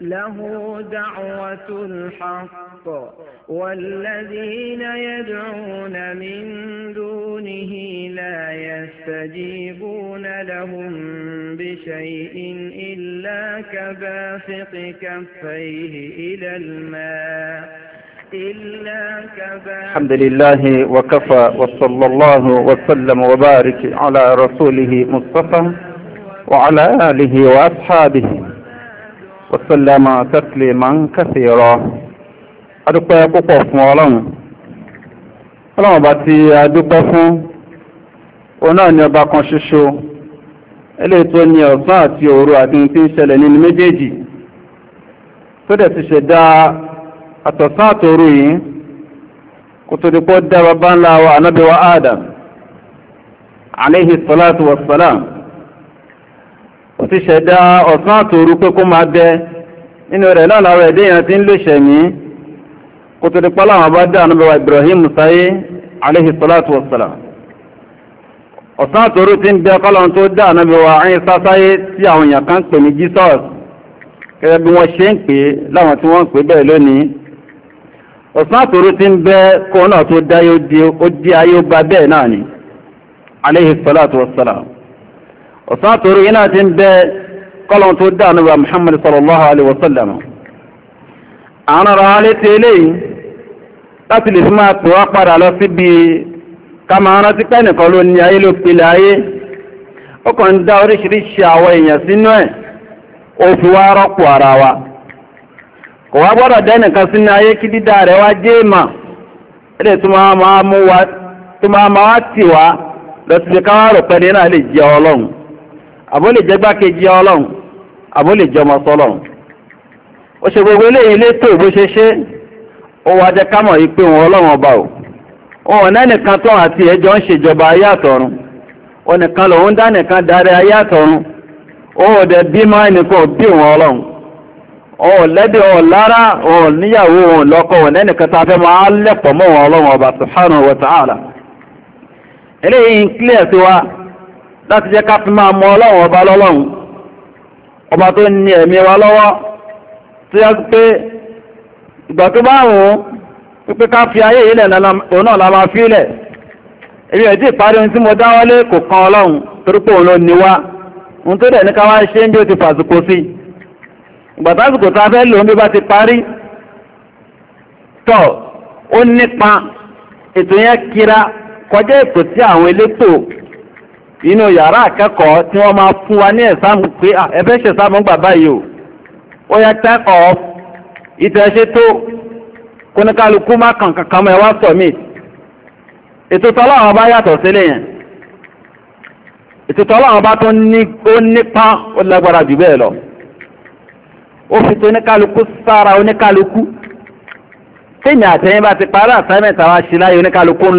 له دعوة الحق والذين يدعون من دونه لا يستجيبون لهم بشيء إلا كباسط كفيه إلى الماء إلا الحمد لله وكفى وصلى الله وسلم وبارك على رسوله مصطفى وعلى آله وأصحابه wasu sallama saturn ma n katsira a dukwa ya kpupo fun alamu alamu ba ti adu kpa fun onyonyo bakon sisho eleton ni o ba ti yoro abin tinshe nini mebeji so da ti se da a tosato ruyi ku tori ko dawa banlawo anabawa arda alihis falatu wasfala o ti ṣẹ̀dá ọ̀sán àtòru pé kó máa bẹ nínú rẹ̀ náà láwọn ẹ̀dẹ́ èèyàn ti ń lè ṣẹ̀mí kò tó di pálá bá dá ànúbà Ibrahim sáyé ti ń bẹ kọ́lọ́n tó dá ànúbà wa ayín si tí àwọn kan Jesus gẹ́gẹ́ bí wọ́n ṣe ń pè láwọn tí wọ́n ń ti ń bẹ kó to tó di ayé ó gba ọ̀sán torí iná ti ń bẹ kọ́lọ̀n tó dá níwà Muhammad sallallahu alaihi wasallam àwọn ọ̀rọ̀ alẹ́ ti eléyìí láti lè fi máa pè wá padà lọ síbi ká máa rántí pẹ́ nìkan ló ní ayé ló pilẹ̀ ayé ó kàn dá oríṣiríṣi àwọn èèyàn sínú ẹ̀ ó wa kò wá wa tó máa máa tì wá lọ àbó lè jẹ́gbá kejì ọlọ́run àbó lè jọmọ sọlọ́run ó ṣe gbogbo eléyìí létò bó ṣe ṣe ó wá jẹ́ ká mọ̀ yìí pé òun ọlọ́run ọba ò òun nẹ́nìkan tó àti ẹjọ́ ń ṣèjọba ayé àtọ̀run onìkan lòun dánìkan darí ayé àtọ̀run òun dẹ̀ bímọ ẹnìkan bí òun ọlọ́run òun lẹ́bí òun lára òun níyàwó òun lọ́kọ òun nẹ́nìkan tá a máa lẹ́pọ̀ mọ́ òun ọlọ́run ọba subhanahu wa eléyìí ń clear sí wa láti jẹ́ ká fi máa mọ ọlọ́run ọba lọ́lọ́run ọba tó ní ẹ̀mí wa lọ́wọ́ tí yá pé ìgbà tó bá rùn pípé ká fi ayé ilẹ̀ náà la máa fi ilẹ̀ èmi ẹ̀ ìparí ohun tí mo dáwọ́lé kò kan ọlọ́run torípò òun ló ní wá ohun tó dẹ̀ ní ká wá ṣe ń bí ó inú yàrá akẹ́kọ̀ọ́ tí wọ́n máa fún wa ní ẹ̀sáàmù pé ah, ẹ̀fẹ́ ṣẹ̀sáàmù gbà báyìí o ó yẹ kẹ́kọ̀ọ́ ìtẹ̀ṣẹ́ tó kóníkálukú má kàn kankan mọ́ ẹ wá submit ètò tọ́lọ́ àwọn bá yàtọ̀ sílẹ̀ yẹn ètò tọ́lọ́ àwọn bá tó nípa ó lágbára jù bẹ́ẹ̀ lọ ó fi tó oníkálukú sára oníkálukú tẹ́yìn àtẹ́yìn bá ti parí assignment àwọn aṣíláyé oníkálukú ń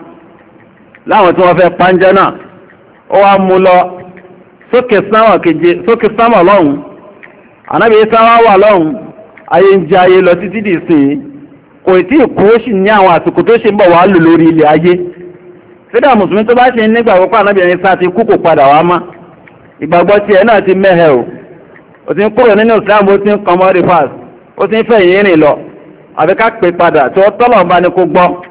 láwọn tí wọ́n fẹ́ pàǹjẹ́ náà ó wá mú lọ sókè sámà keje sókè sámà lọ́hùn ànábì Ìsá wà lọ́hùn ayé ń jẹ ayé lọ títí dì sí kò tí ì kó ní àwọn àsìkò tó ṣe ń bọ̀ wá lò lórí ilẹ̀ ayé mùsùlùmí tó bá ṣe nígbà púpọ̀ ti kú kò padà wá ìgbàgbọ́ náà ti mẹ́hẹ̀ o ti ń nínú Islam ó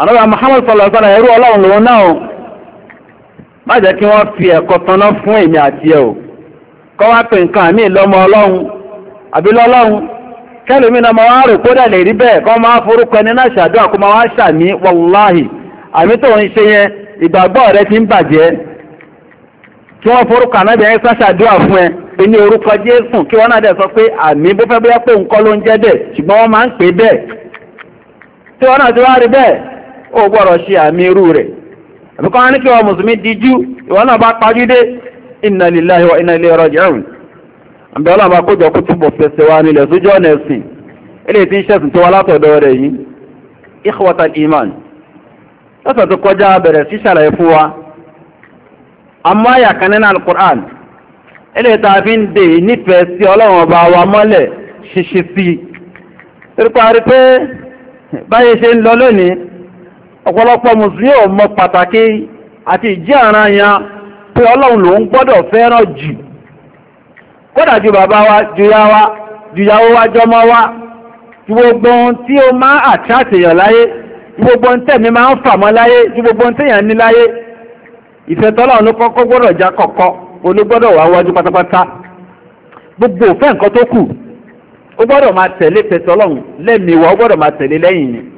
àlọ́wà Muhammad sọ̀lọ̀sọ́lọ̀ ẹ̀rú ọlọ́run lòun náà má jẹ́ kí wọ́n fi ẹ̀kọ́ tanná fún àti ẹ̀ o kọ́ wá pè nǹkan àmì ìlọ́mọ ọlọ́run àbí lọ́lọ́run kẹ́lùmí náà wá rò kó lè rí bẹ́ẹ̀ kọ́ máa forúkọ ẹni náà ṣàdúrà kó máa wá ṣàmì wàláhì àmì tó ń ṣe yẹn ìgbàgbọ́ rẹ ti ń bàjẹ́ kí wọ́n forúkọ ànábìyẹn sá fún ẹ orúkọ Jésù kí wọ́n náà dẹ̀ sọ pé àmì bó fẹ́ bóyá pé ló ń jẹ́ bẹ́ẹ̀ ṣùgbọ́n wọ́n ó gbọ́rọ̀ ṣe àmì irú rẹ̀ àbíkọ́ wọn ní kí wọn mùsùlùmí díjú ìwọ náà bá pajúdé inna lillahi wa inna ilayhi raji'un àbí ọlọ́run bá kójọ kó túbọ̀ fẹsẹ̀ wa nílẹ̀ sójú ọ̀nà ẹ̀sìn eléyìí tí ń ṣẹ̀sìn tó wá látọ̀dọ̀ rẹ̀ yìí ikhwatal iman pé báyìí ṣe ń lọ lónìí ọ̀pọ̀lọpọ̀ mùsùlùmí ò mọ pàtàkì àti ìjẹ́ àrán yan pé ọlọ́run ló gbọ́dọ̀ fẹ́ràn jù kódà ju bàbá wa ju ya wa ju yàwó wa jọmọ wa ju gbogbo ohun tí ó máa àtúnṣe èèyàn láyé ju gbogbo ohun tẹ̀mí máa ń fà mọ́ láyé ju gbogbo ohun tẹ̀yàn ní láyé ìfẹ́ tọ́lọ́run ló kọ́kọ́ gbọ́dọ̀ já kọ̀kọ́ olúgbọ́dọ̀ wà wájú pátápátá gbogbo òfẹ́ nǹkan tó kù ó gbọ́dọ̀ máa tẹ̀lé ìfẹ́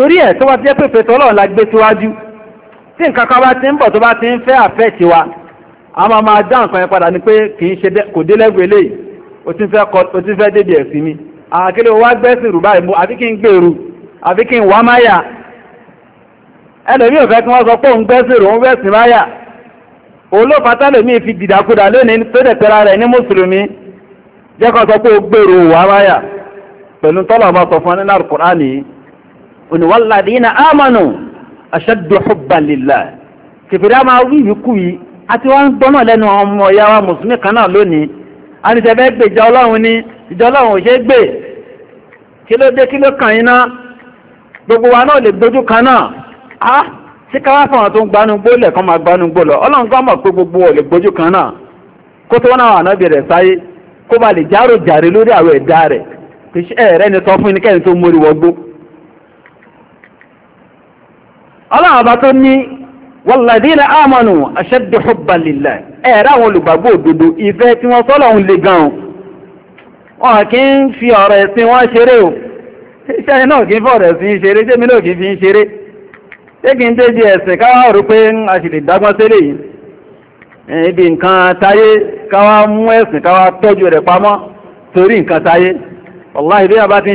torí ẹ̀ tó wá ti jẹ́ la gbé tí n kan bá ti ń bọ̀ tó bá ti ń fẹ́ àfẹ́ tiwa a máa máa dá nǹkan yẹn padà ni pé kì kò dé lẹ́gbẹ̀ẹ́ lè o ti fẹ́ débi mi àkílẹ̀ wá rù báyìí àfi kí n gbèrú àfi kí n wá ẹlòmí ò fẹ́ kí wọ́n sọ pé òun fi dìdàkudà lónìí tó dẹ̀ pẹ́ra rẹ̀ ní mùsùlùmí sọ pé gbèrú pẹ̀lú tọ́lọ̀ ọmọ oníwàlàdínà àmánù ashaddu hubban lillah kìfìrí a máa wí ìyíkú yìí àti wọ́n ń gbọ́nà lẹ́nu ọmọ ìyá wa mùsùlùmí kan náà lónìí a ní tẹ́fẹ́ gbé ìjọ ọlọ́run ní ìjọ ọlọ́run ò ṣe gbé kí ló dé kí ló kàn iná gbogbo wa náà lè dojú kan náà á sí káwá fáwọn tó ń gbanugbó lẹ̀kan máa gbanugbó lọ ọlọ́run kọ́ pé gbogbo ò ala tó ní wọ́lẹ̀dínlẹ̀ àmọ́nù aṣẹ́dù hubbalillah ẹ̀rẹ́ àwọn olùgbàgbọ́ òdodo ìfẹ́ tí wọ́n sọ́lọ̀ ń le gan wọn kí ń fi ọ̀rọ̀ ẹ̀sìn wọn ṣeré o iṣẹ́ náà kí ń ẹ̀sìn ṣeré náà kí ń fi ń ṣeré ṣé kí a sì lè dágbọ́n sílẹ̀ yìí ibi nǹkan táyé káwá mú ẹ̀sìn káwá tọ́jú rẹ̀ pamọ́ torí nǹkan táyé wàláhì bí a bá ti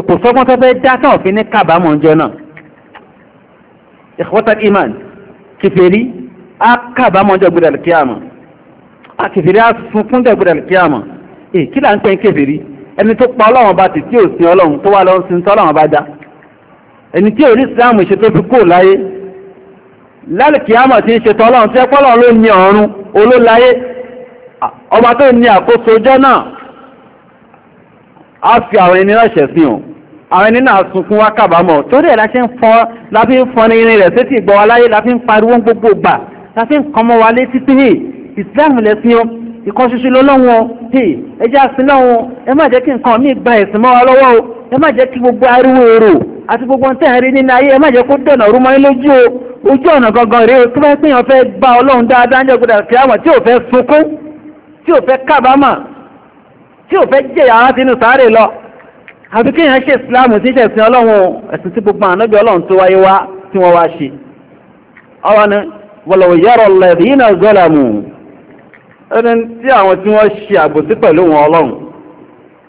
kò sọ́gbọ́n tó fẹ́ dá tán òfin ní kábàámọ̀ ọjọ́ náà ìkọ́tà iman kìfèrí á kábàámọ̀ ọjọ́ gbọ́dọ̀ kíámọ̀ á kìfèrí á sunkún jẹ́ gbọ́dọ̀ kíámọ̀ èyí kí là ń pẹ́ kìfèrí ẹni tó pa ọlọ́run bá ti tí ò sin ọlọ́run tó wà lọ́run sin tọ́lọ́run bá dá ẹni tí ò ní islam fi àwọn ẹni náà ṣẹ̀sìn ọ̀hún àwọn ẹni náà sunkún wá kàbámọ̀ torí ẹ̀ láti ń fọ́ láti ń fọ́ ní irin rẹ̀ sétí ìgbọ́ wa láyé láti ń pariwo gbogbo gbà láti ń kọmọ wa létí pé hey Islam lẹ́sìn o ìkan ṣoṣo lọ́lọ́wọ́ hey ẹ jẹ́ àsìn lọ́wọ́ ẹ má jẹ́ kí nǹkan míì gba ẹ̀sìn mọ́ wa lọ́wọ́ o ẹ má jẹ́ kí gbogbo ariwo èrò àti gbogbo ń tẹ̀rí nínú ayé ẹ má jẹ́ kó dọ̀nà rú mọ́yín lójú o ojú ọ̀nà gangan rèé o tí wọ́n pèèyàn fẹ́ gba Ọlọ́run dáadáa ń jẹ́ kí àwọn tí ò fẹ́ sunkún tí ò fẹ́ kábàámà tí ò fẹ́ jẹ̀yà láti inú sáré lọ àfi kí èèyàn ṣe ìsìláàmù tí ọlọ́run ẹ̀sìn gbogbo ọlọ́run tó wáyé wá tí wọ́n wá ṣe ọwọ́ ni wọ̀lọ̀wọ̀ yẹ́rọ lẹ́bí iná gọ́làmù ẹni tí àwọn tí wọ́n ṣe àbòsí pẹ̀lú wọn ọlọ́run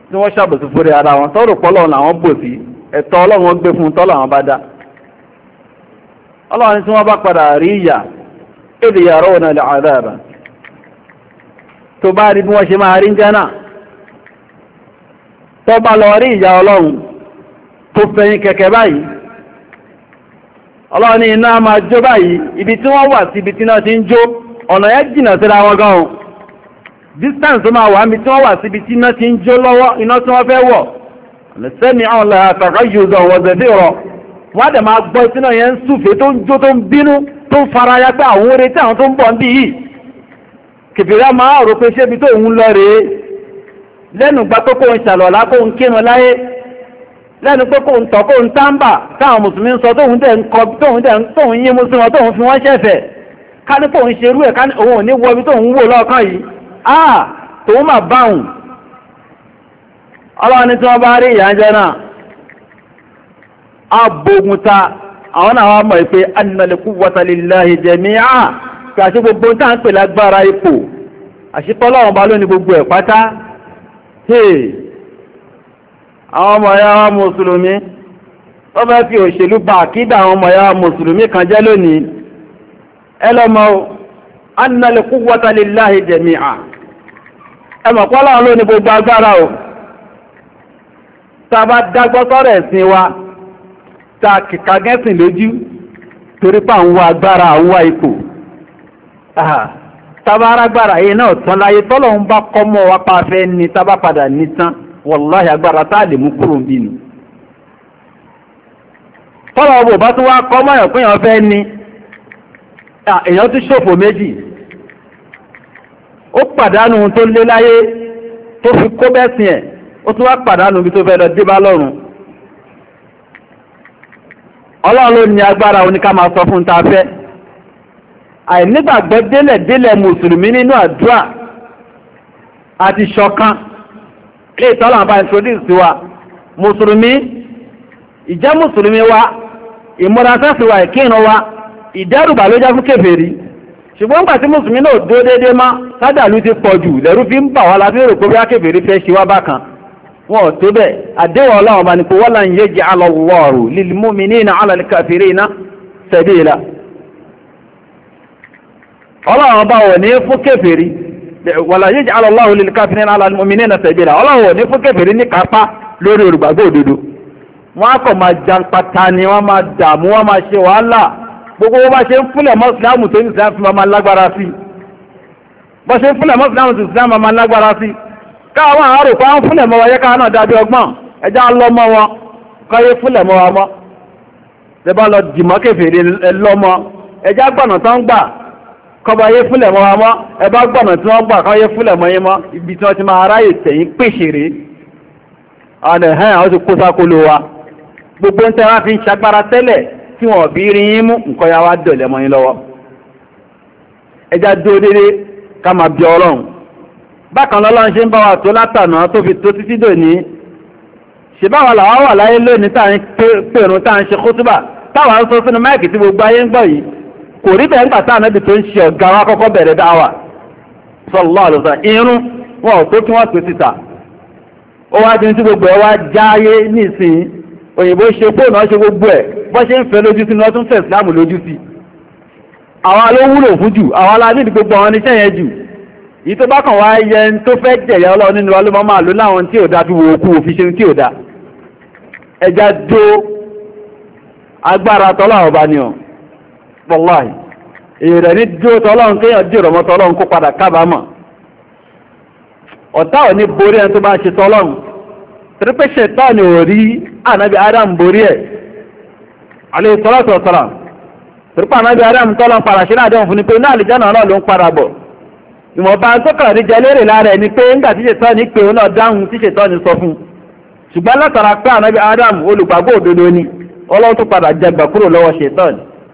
tí wọ́n ṣàbòsí fúri ara wọn tọ́rọ̀ pọ́ lọ́run bòsí ẹ̀tọ́ ọlọ́run gbé fún tọ́lọ̀ bá dá ọlọ́run tí wọ́n bá padà rí ìyà èdè yàrá tó bá lọ rí ìyà ọlọ́run tó fẹ̀yìn kẹ̀kẹ́ báyìí ọlọ́run ní iná máa jó báyìí ibi tí wọ́n wà sí ibi tí náà ti ń jó ọ̀nà yẹn jìnà síra wọn gan distance máa wà mí tí wọ́n wà sí ibi tí iná ti ń jó lọ́wọ́ iná tí wọ́n fẹ́ wọ̀ sẹ́mi àwọn làtàkọ́ yóò dọ̀ wọ́n zẹ̀dẹ̀ rọ wọ́n á dẹ̀ máa gbọ́ lẹ́nu gba pé kó ń ṣàlọ́lá kó láyé lẹ́nu pé kó ń tọ́ kó ń mùsùlùmí sọ tóhun dẹ̀ ń kọ tóhun dẹ̀ ń tóun fi wọ́n ṣẹ̀fẹ̀ ká ní kóun ṣerú ẹ̀ ká òun ní wò yìí a ọlọ́run bá rí ìyànjẹ náà ta àwọn àwọn ìpè wọ́tàlélàhì kí hey àwọn ọmọ ya mùsùlùmí ó fẹ́ fi òṣèlú bá àkídà àwọn ọmọ ya mùsùlùmí kan jẹ́ lónìí ẹlọ́mọ annal quwwata lillahi jami'a ẹmọ̀ pọ́lá ló ní gbogbo agbára o ta bá dágbọ́ sọ́rọ̀ wa ta kìkà gẹ́sìn lójú torípa àwọn agbára àwọn ipò tabaragbara yìí eh, náà tán láyé tọ́lọ̀ ń bá kọ́mọ́ wa pa fẹ́ ni tábà padà ní tán wàláhì agbára tá a lè mú kúrò ń bí nu bá tún wá fẹ́ tó lé láyé tó fi kó bẹ́sìn ẹ̀ àìnígbàgbọ́ délẹ̀délẹ̀ mùsùlùmí nínú àdúrà àti ṣọ̀kan lè tọ́lá àbá introduce wa mùsùlùmí ìjẹ́ wa ìmúrasẹ́sì wa ìkírun wa ìdẹ́rùbà ló jẹ́ fún ṣùgbọ́n gbà tí mùsùlùmí náà dó dédé má sádàlú ti pọ̀ jù lẹ́rú fi ń bà wá láti ọlọ́run bá wọ̀ ní fún kèfèrí wàlá yaj'al Allahu lil kafirina 'ala al-mu'minina sabila ọlọ́run wọ̀ ní fún ní kápá lórí olùgbàgbọ́ òdodo wọ́n kọ̀ máa ni wọ́n máa dààmú máa gbogbo bó bá ṣe ń fúnlẹ̀ mọ́sílámù tó ní islam fi sí bó ṣe ń fúnlẹ̀ mọ́sílámù tó ní sí káwọn àárò pa fúnlẹ̀ mọ́ wa káwọn náà dábí ọgbọ́n ẹjá lọ́mọ wọn fúnlẹ̀ mọ́ wa mọ́ lọ dìmọ́ lọ́mọ tán kọba ayé fúnlẹ̀ mọ́ wa mọ́ ẹbá gbọ̀nà tí wọ́n gbà káyé fúnlẹ̀ mọ́ yí mọ́ ibi tí wọ́n ti máa ráyè tẹ̀yìn pèṣèrè ọ̀nà ẹ̀hẹ́n àwọn ti kó sákòlò wa gbogbo ń tẹ́ wá fi ń ṣagbára tẹ́lẹ̀ tí wọ́n bí rí yín mú nǹkan ya dọ̀lẹ̀ mọ́ yín lọ́wọ́ ẹja dúró dédé ká máa bí ọlọ́run bákan lọ́lọ́run ṣe ń bá wa tó látànà tó fi tó títí dòní ṣèbáwa làwa wà láyé lónìí tá à ń pèrún tá ń ṣe kótúbà táwa ń sọ sínú máìkì tí gbogbo ayé ń gbọ́ yìí kò rí bẹ́ẹ̀ nígbà tá ànábì tó ń ṣe ọ̀gá wa kọ́kọ́ bẹ̀rẹ̀ dáwà sallallahu alaihi wasallam irun wọn ò tó kí wọ́n pè síta ó wá ti ní tí gbogbo ẹ̀ wá jáyé nísìnyí òyìnbó ṣe fóònù ọ̀ṣẹ́ gbogbo ẹ̀ bọ́ ṣe ń fẹ́ lójú sí ni wọ́n tún fẹ́ ìsìlámù lójú sí àwa ló wúlò fún jù àwa la nídìí gbogbo àwọn oníṣẹ́ yẹn jù yìí tó bá kàn wá yẹ ń tó fẹ́ jẹ̀yà ọlọ́run nínú wa ló máa lò láwọn tí ò da fi wo okú òfin ṣe tí ò da ẹja dó agbára tọ́lá ọba ni ọ̀ wallahi èrè ní dúró tọ́lọ́run kéèyàn dìrọ̀ mọ́ tọ́lọ́run kó padà taa ọ̀tá ò ní borí ẹni tó bá ṣe tọ́lọ́run tẹ́lẹ́pẹ́ ṣẹ̀tọ́ ni ò rí ànábì adam borí ẹ̀ alẹ́ tọ́lọ́tọ̀ọ̀tọ̀lá tẹ́lẹ́pẹ́ ànábì adam ni pé náà adam olùgbàgbọ́ òdodo ni ọlọ́run tó padà jẹ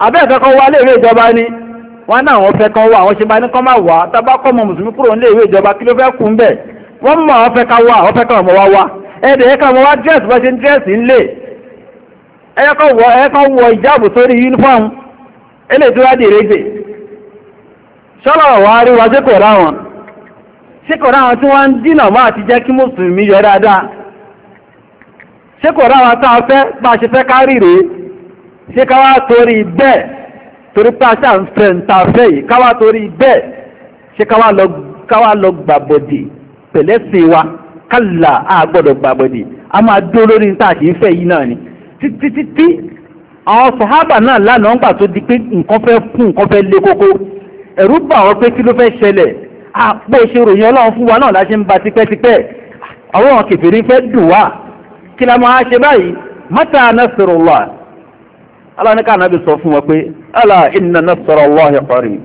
Abe kan wá léèwé ìjọba ni wọ́n náà wọ́n fẹ́ kan wá àwọn ṣe bá ní kán máa wá tábà kọ́ mùsùlùmí kúrò ní léèwé ìjọba kí ló fẹ́ kú ń bẹ̀ wọ́n mọ̀ àwọn wọ sórí yúnífọ́ọ̀mù rí wa sí kò ráwọn sí kò ráwọn tí wọ́n ń dínà máa ti jẹ́ kí mùsùlùmí yọ ṣé káwá torí bẹ́ẹ̀ torí pàṣà ń fẹ́ ń ta fẹ́ yìí káwá torí bẹ́ẹ̀ lọ wa kálà gbàbọ̀dì a máa dó lórí ní tàṣí ìfẹ́ yìí náà ni títí títí àwọn sọ̀hábà náà lánàá ń gbà tó di pé nǹkan fẹ́ fún nǹkan fẹ́ lé kókó ẹ̀rú bà wọ́n pé kí ló fẹ́ ṣẹlẹ̀ àpò ìṣòro yẹn ọlọ́run wa náà láti ń ba tipẹ́tipẹ́ àwọn aláníkà ànábì sọ fún wọn pé inna nasrallahi qarib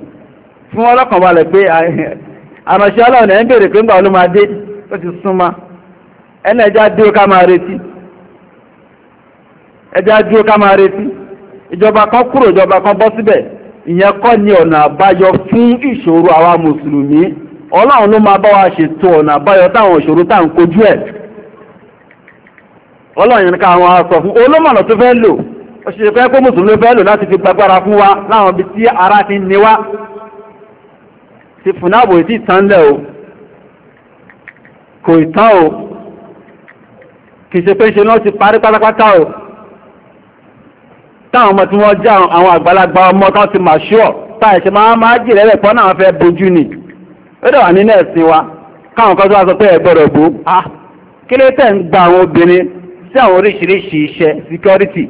fún wọn lọ́kàn balẹ̀ pé àmàṣẹ́ aláwọn ẹ̀ ń bèèrè pé ń gbà ló máa ti súnmá ẹnà ẹjá dúró ká máa retí ìjọba kan kúrò ìjọba kan bọ́ síbẹ̀ ìyẹn kọ́ ni ọ̀nà àbáyọ fún ìṣòro àwa mùsùlùmí ọlọ́run ló máa bá wa ṣètò ọ̀nà àbáyọ táwọn ìṣòro kojú ẹ̀ ọlọ́run ká àwọn fún olómọ̀nà òṣìṣẹ́ pẹ́ kó mùsùlùmí fẹ́ lò láti fi gbagbára fún wa láwọn ibi tí ara ti ní wá ti fùnáàbò ìtì ìtànlẹ̀ o kò ìtàn o kìí ṣe pé ṣe náà ti parí pátápátá o táwọn ọmọ tí wọ́n já àwọn àgbàlagbà ọmọ tán ti mà ṣúọ̀ táìṣẹ́ máa máa jìrẹ́ rẹ̀ pọ́n náà fẹ́ bojú ni ó wà nínú ẹ̀sìn wa káwọn kan tó wá sọ pé ẹ̀gbọ́rọ̀ bú ah kí ló tẹ̀ ń gba àwọn obìnrin sí àwọn oríṣiríṣi iṣẹ́ security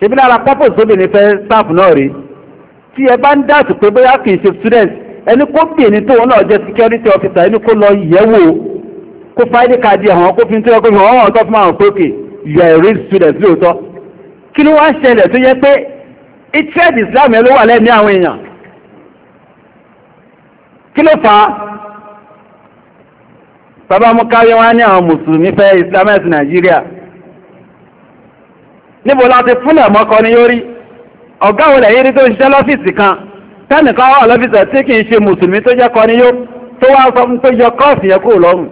ṣebí lára pọ́pọ̀ sobe fẹ́ sáàfù náà rí tí ẹ bá ń dáàtù pé bóyá kì í ṣe student ẹni kó bìnrin tóun náà jẹ́ security officer ẹni kó lọ yẹ̀wò kó fáìlì káàdì ẹ̀hàn kó fi ń tẹ́lẹ̀ kó fi hàn tó fi a real student lóòótọ́ kí ló wá ń ṣẹlẹ̀ tó yẹ pé interest Islam ẹ ló níbo láti fúnlẹ̀ mọ́kọ ni yóò rí ọ̀gá olè yìí rí tó ń ṣiṣẹ́ lọ́fíìsì kan tẹ́nìkan wà lọ́fíìsì tí kì í ṣe mùsùlùmí tó jẹ́ kọ ni yóò tó wá sọ tó yọ kọ́ọ̀sì yẹ kó lọ́rùn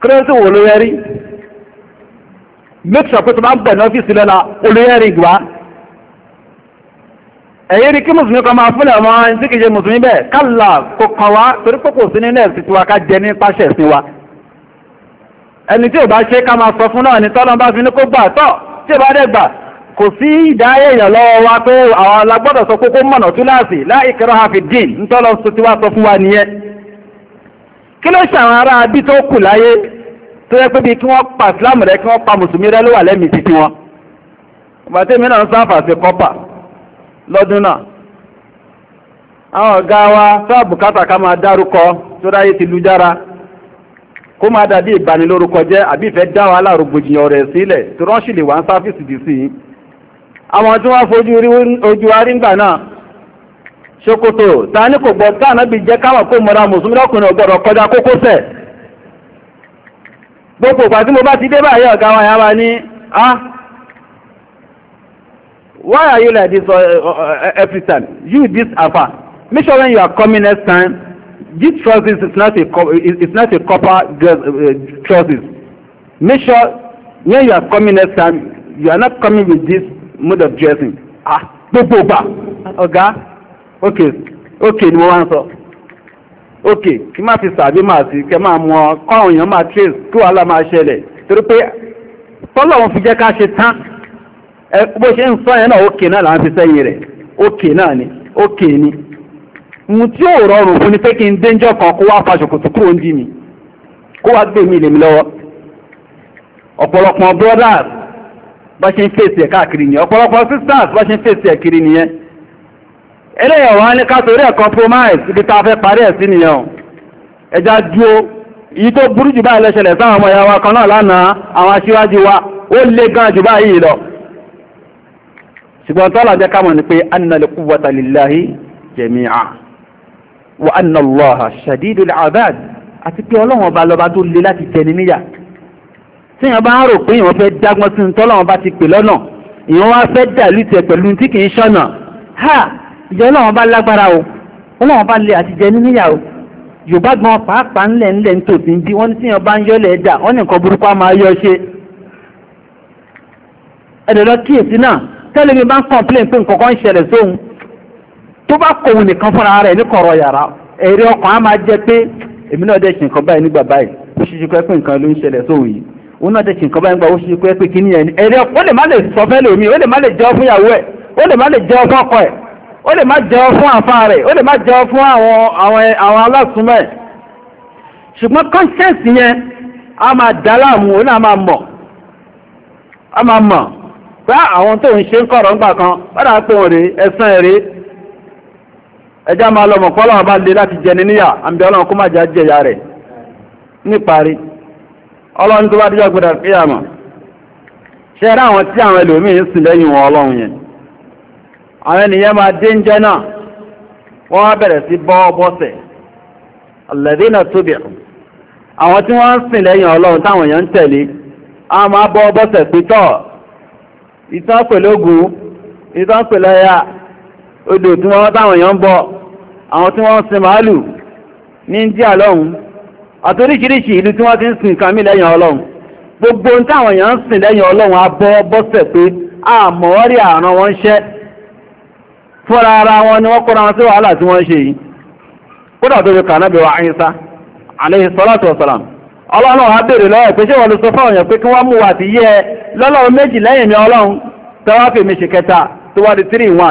kírẹ́sì wò ló yẹrí make sure pé tó bá ń bẹ̀ ní ọ́fíìsì lọ́la olóyẹ́rì gbà ẹ̀yẹ́ rí ẹni tí ò bá ṣe ká máa sọ fún náà ni bá fi ní kó gbà tọ́ tí ò bá dẹ̀ gbà kò sí ìdáyé èèyàn lọ́wọ́ wa pé àwọn alágbọ́dọ̀ sọ kókó mọ̀nà hafi dín nítọ́lọ́ sọ ti wá sọ fún wa nìyẹn kí ló ṣe àwọn ará bí tó kù láyé tó yẹ pé pa islam rẹ kí wọ́n pa mùsùlùmí rẹ ló wà lẹ́mìí títí wọn bàtí èmi náà ń wa sọ́ọ̀bù kátà ká máa dárúkọ tó ráyé ti lu jára kó máa dàbí ìbanilórúkọ jẹ́ àbí ìfẹ́ dá wa lárògbòjìyàn rẹ̀ sílẹ̀ tí rọ́ṣì lè wá ń sáfíìsì dì sí àwọn tí wọ́n fojú ojú aríngbà náà ṣòkòtò ta ní kò gbọ́ tá ànábì jẹ́ káwà kó mọ́ra mùsùlùmí lọ́kùnrin kọjá gbogbo ìgbà tí mo bá ti dé báyìí ọ̀gá wa yára ní ah, why are you like this uh, uh, uh every time you this afa make sure when you are coming next time This trousers is not a it's not a copper uh, trousers. Make sure when you are coming next time, you are not coming with this mode of dressing. Ah, gbogbo gbà ọ̀gá okay okay ni mo wá sọ okay kí má fi sàbí máa sí kẹ máa mọ kọ́ọ̀hún èèyàn máa trace kí wàhálà máa ṣẹlẹ̀ torí pé tọ́lọ́run fi jẹ́ ká ṣe tán bó ṣe ń sọ yẹn náà okay náà là ń fi sẹ́yìn rẹ̀ okay náà ni okay ni ohun tí ò rọrùn fún ni pé kí n déńjọ́ kan kó wá fàṣòkòtò kúrò ń dì mí kó wá gbé mi lèmi lọ́wọ́ ọ̀pọ̀lọpọ̀ brothers bá ṣe ń fèsì ẹ̀ káàkiri nìyẹn ọ̀pọ̀lọpọ̀ sisters bá ṣe ń fèsì ẹ̀ kiri nìyẹn eléyàwó á ní ká torí ẹ̀ compromise ibi tá a fẹ́ parí ẹ̀ sí nìyẹn ẹja dúó èyí tó burú jù báyìí lẹ́ṣẹlẹ̀ sáwọn ọmọ ìyàwó kan náà lánàá àwọn aṣíwájú wa ó lé gan jù báyìí lọ ṣùgbọ́n tọ́lá jẹ́ ká mọ̀ ní pé annal quwwata lillahi jami'a wa anna Allaha shadidul abad àti pé ọlọ́run ọba lọ́ba tó le láti tẹni níyà tí èèyàn bá ń rò pé èèyàn fẹ́ dágbọ́n sí tọ́lọ́run bá ti pè lọ́nà èèyàn wá fẹ́ dàlú tẹ pẹ̀lú tí kì í ṣọ̀nà ha ìjọ ọlọ́run bá lágbára o ọlọ́run bá le àti jẹ níníyà o yorùbá gan pàápàá ńlẹ̀ ńlẹ̀ ń tòsí ń bí wọ́n tí èèyàn bá ń yọ́lẹ̀ ẹ̀dà wọ́n ní nǹkan burúkú á máa yọ ṣe ẹ̀dọ̀ lọ kíyèsí náà tẹ́lẹ̀ mi bá ń kọ̀ǹplẹ̀ pé kan ń ṣẹlẹ̀ tó bá kòun nìkan fúnra rẹ̀ ní kọ̀rọ̀ yàrá ẹ̀rí ọkàn á máa jẹ pé èmi náà dẹ̀ ṣe báyìí nígbà báyìí ó ṣíṣe pé nǹkan ló ń ṣẹlẹ̀ sóhun yìí òun náà dẹ̀ ṣe báyìí nígbà ó ṣíṣe pé kíní yẹn ó lè má lè sọ fẹ́ lómi ó lè má lè ẹ̀ ó lè má lè fún ọkọ ẹ̀ ó lè má fún àfa rẹ̀ ó lè má fún àwọn ẹ̀ ṣùgbọ́n yẹn a máa dá láàmú náà máa mọ̀ ẹjá máa lọ mọ̀pọ̀ ọlọ́run bá lè láti jẹni níyà àmì ọlọ́run kó má jà jẹyà rẹ̀ níparí ọlọ́run tó bá díjọ́ ṣe rá àwọn tí àwọn ẹlòmíín sì lẹ́yìn wọn ọlọ́run yẹn àwọn ènìyàn máa dé ń jẹ́ náà wọ́n wá bẹ̀rẹ̀ sí bọ́ bọ́sẹ̀ àwọn tí wọ́n ń sìn lẹ́yìn ọlọ́run táwọn èèyàn ń tẹ̀lé a máa bọ́ bọ́sẹ̀ ìtàn ìtàn odò tí wọ́n táwọn èèyàn ń bọ àwọn tí wọ́n sin màálù ní India lọ́hùn àti ìlú tí wọ́n ti sin lẹ́yìn gbogbo táwọn èèyàn ń sìn lẹ́yìn Ọlọ́run abọ́ bọ́sẹ̀ pé àmọ́rí àrùn wọn ṣẹ́ fúnra ara wọn ni wọ́n kóra wọn sí wàhálà tí wọ́n ṣe yìí kódà tó wa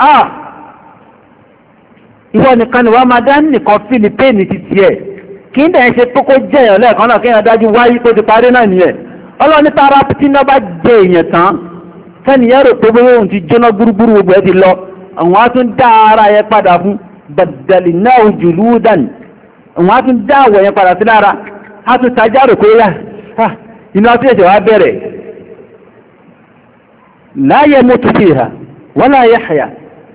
ah ìwọ nìkan ni wàá máa dá nìkan fílípẹ́ẹ̀nì ti tiẹ̀ kí n dẹ̀ ṣe kókó jẹyàn lẹ́ẹ̀kan náà kí n dájú wáyé tó ti parí náà nìyẹn ọlọ́ni tara tí iná bá jẹ èèyàn ti jóná gbúrúgbúrú gbogbo ẹ ti lọ àwọn á tún dá ara yẹn padà fún gbàdàlì náà àwọn á tún dá àwọ̀ yẹn padà sí lára á tún tajá rò pé iná tí bẹ̀rẹ̀ mú ìhà wọ́n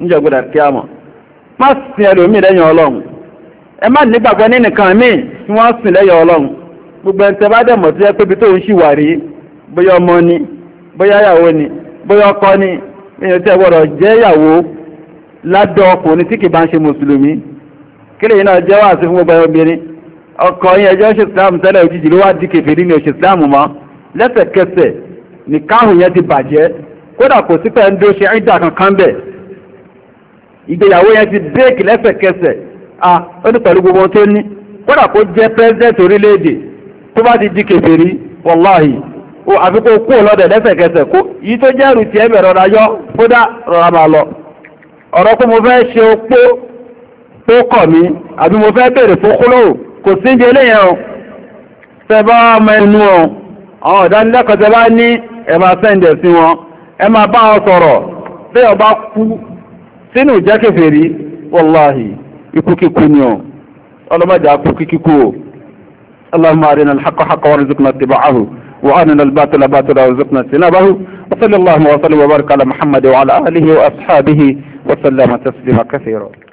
níjọ́ gbọ́dọ̀ kí a mọ̀ má sin ẹlòmíì lẹ́yìn ọlọ́run ẹ má nígbàgbọ́ míì tí gbogbo bá ni bóyá ni bóyá ọkọ ni èèyàn tẹ́ gbọ́dọ̀ jẹ́ ìyàwó ládọ́ ọkùnrin tí kì bá ń ṣe mùsùlùmí náà fún gbogbo obìnrin ọkọ yẹn ṣe islam òjijì ló ti kódà kò sí ń dó ṣe ìgbéyàwó yẹn ti bẹ́ẹ̀kì lẹ́sẹ̀kẹsẹ̀ a ó ní pẹ̀lú gbogbo tó ní kódà kó jẹ́ president orílẹ̀-èdè tó bá ti di kèfèrí wọláhì ó àfi kó kú ọlọ́dẹ̀ lẹ́sẹ̀kẹsẹ̀ kó yí tó jẹ́ rù tiẹ̀ bẹ̀ rọra yọ kódà rọra máa lọ ọ̀rọ̀ kó mo fẹ́ ṣe opó tó kọ̀ mí àbí mo fẹ́ bèrè fún kúlò kò sí ní eléyẹn o tẹ bá ọmọ ẹnu ọ àwọn ọ̀dánilẹ́kọ̀ọ́ tẹ bá ní ẹ máa sẹ́ǹdẹ̀ sí wọn ẹ máa bá wọn sọ̀rọ̀ tẹ́yọ̀ bá kú sínú ìjà kèfèrí wàláhì ikú kíkú ni ọ ọlọ́mọdé akú kíkú o اللهم أرنا الحق حقا وارزقنا اتباعه وأرنا الباطل باطلا وارزقنا سنابه وصلى اللهم وسلم وبارك على محمد وعلى آله وأصحابه وسلم تسليما كثيرا